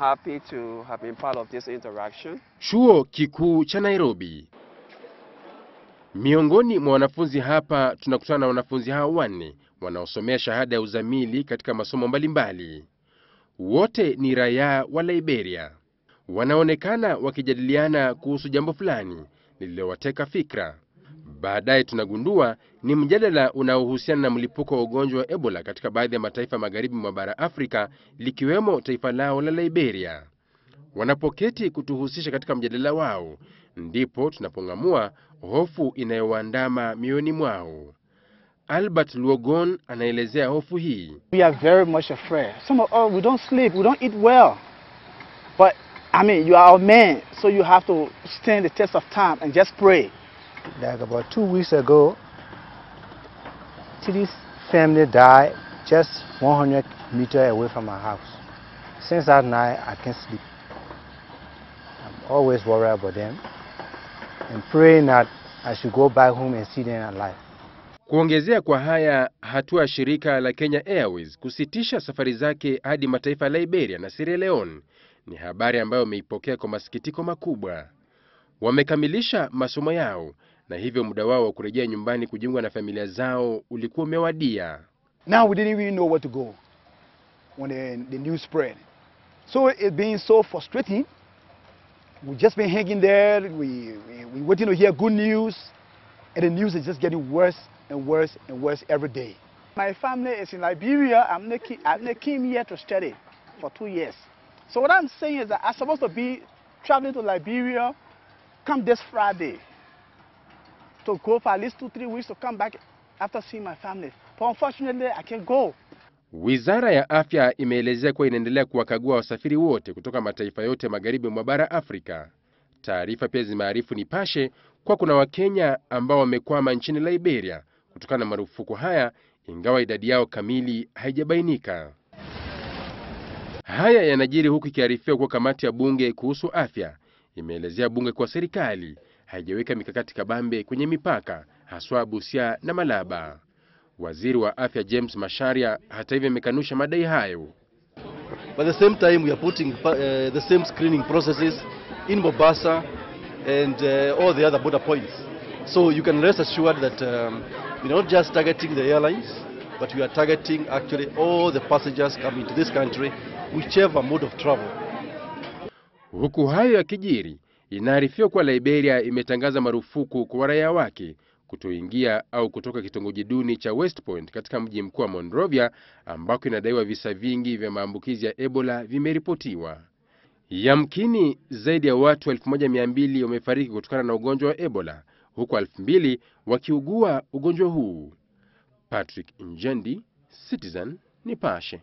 happy to have been part of this interaction. Chuo Kikuu cha Nairobi. Miongoni mwa wanafunzi hapa tunakutana na wanafunzi hao wanne wanaosomea shahada ya uzamili katika masomo mbalimbali. Wote ni raia wa Liberia. Wanaonekana wakijadiliana kuhusu jambo fulani lililowateka fikra. Baadaye tunagundua ni mjadala unaohusiana na mlipuko wa ugonjwa wa Ebola katika baadhi ya mataifa magharibi mwa bara Afrika likiwemo taifa lao la Liberia. Wanapoketi kutuhusisha katika mjadala wao, ndipo tunapong'amua hofu inayowaandama mioyoni mwao. Albert Luogon anaelezea hofu hii. We are very much afraid. Some of, oh, we don't sleep, we don't eat well. But I mean, you are our man, so you have to stand the test of time and just pray like about two weeks ago, three family died just 100 meters away from my house. Since that night, I can't sleep. I'm always worried about them and praying that I should go back home and see them alive. Kuongezea kwa haya, hatua shirika la Kenya Airways kusitisha safari zake hadi mataifa Liberia na Sierra Leone ni habari ambayo wameipokea kwa masikitiko makubwa. Wamekamilisha masomo yao na hivyo muda wao wa kurejea nyumbani kujiunga na familia zao ulikuwa umewadia. Now we didn't even know where to go when the, the news spread. So it being so frustrating, we just been hanging there, we, we, we waiting to hear good news, and the news is just getting worse and worse and worse every day. My family is in Liberia. I'm not, I'm not came here to study for two years. So what I'm saying is that I'm supposed to be traveling to Liberia come this Friday to go for at least two, three weeks to come back after seeing my family. But unfortunately, I can't go. Wizara ya Afya imeelezea kuwa inaendelea kuwakagua wasafiri wote kutoka mataifa yote magharibi mwa bara Afrika. Taarifa pia zimearifu Nipashe kuwa kuna Wakenya ambao wamekwama nchini Liberia kutokana na marufuku haya, ingawa idadi yao kamili haijabainika. Haya yanajiri huku ikiarifiwa kuwa kamati ya bunge kuhusu afya imeelezea bunge kwa serikali haijaweka mikakati kabambe kwenye mipaka haswa Busia na Malaba. Waziri wa afya James Masharia hata hivyo amekanusha madai hayo. By the same time we are putting uh, the same screening processes in Mombasa and uh, all the other border points. So you can rest assured that um, we're not just targeting the airlines but we are targeting actually all the passengers coming to this country whichever mode of travel. Huku hayo yakijiri Inaarifiwa kuwa Liberia imetangaza marufuku kwa raia wake kutoingia au kutoka kitongoji duni cha West Point katika mji mkuu wa Monrovia ambako inadaiwa visa vingi vya maambukizi ya Ebola vimeripotiwa. Yamkini zaidi ya watu 1200 wamefariki kutokana na ugonjwa wa Ebola huku 2000 wakiugua ugonjwa huu. Patrick Njendi, Citizen Nipashe.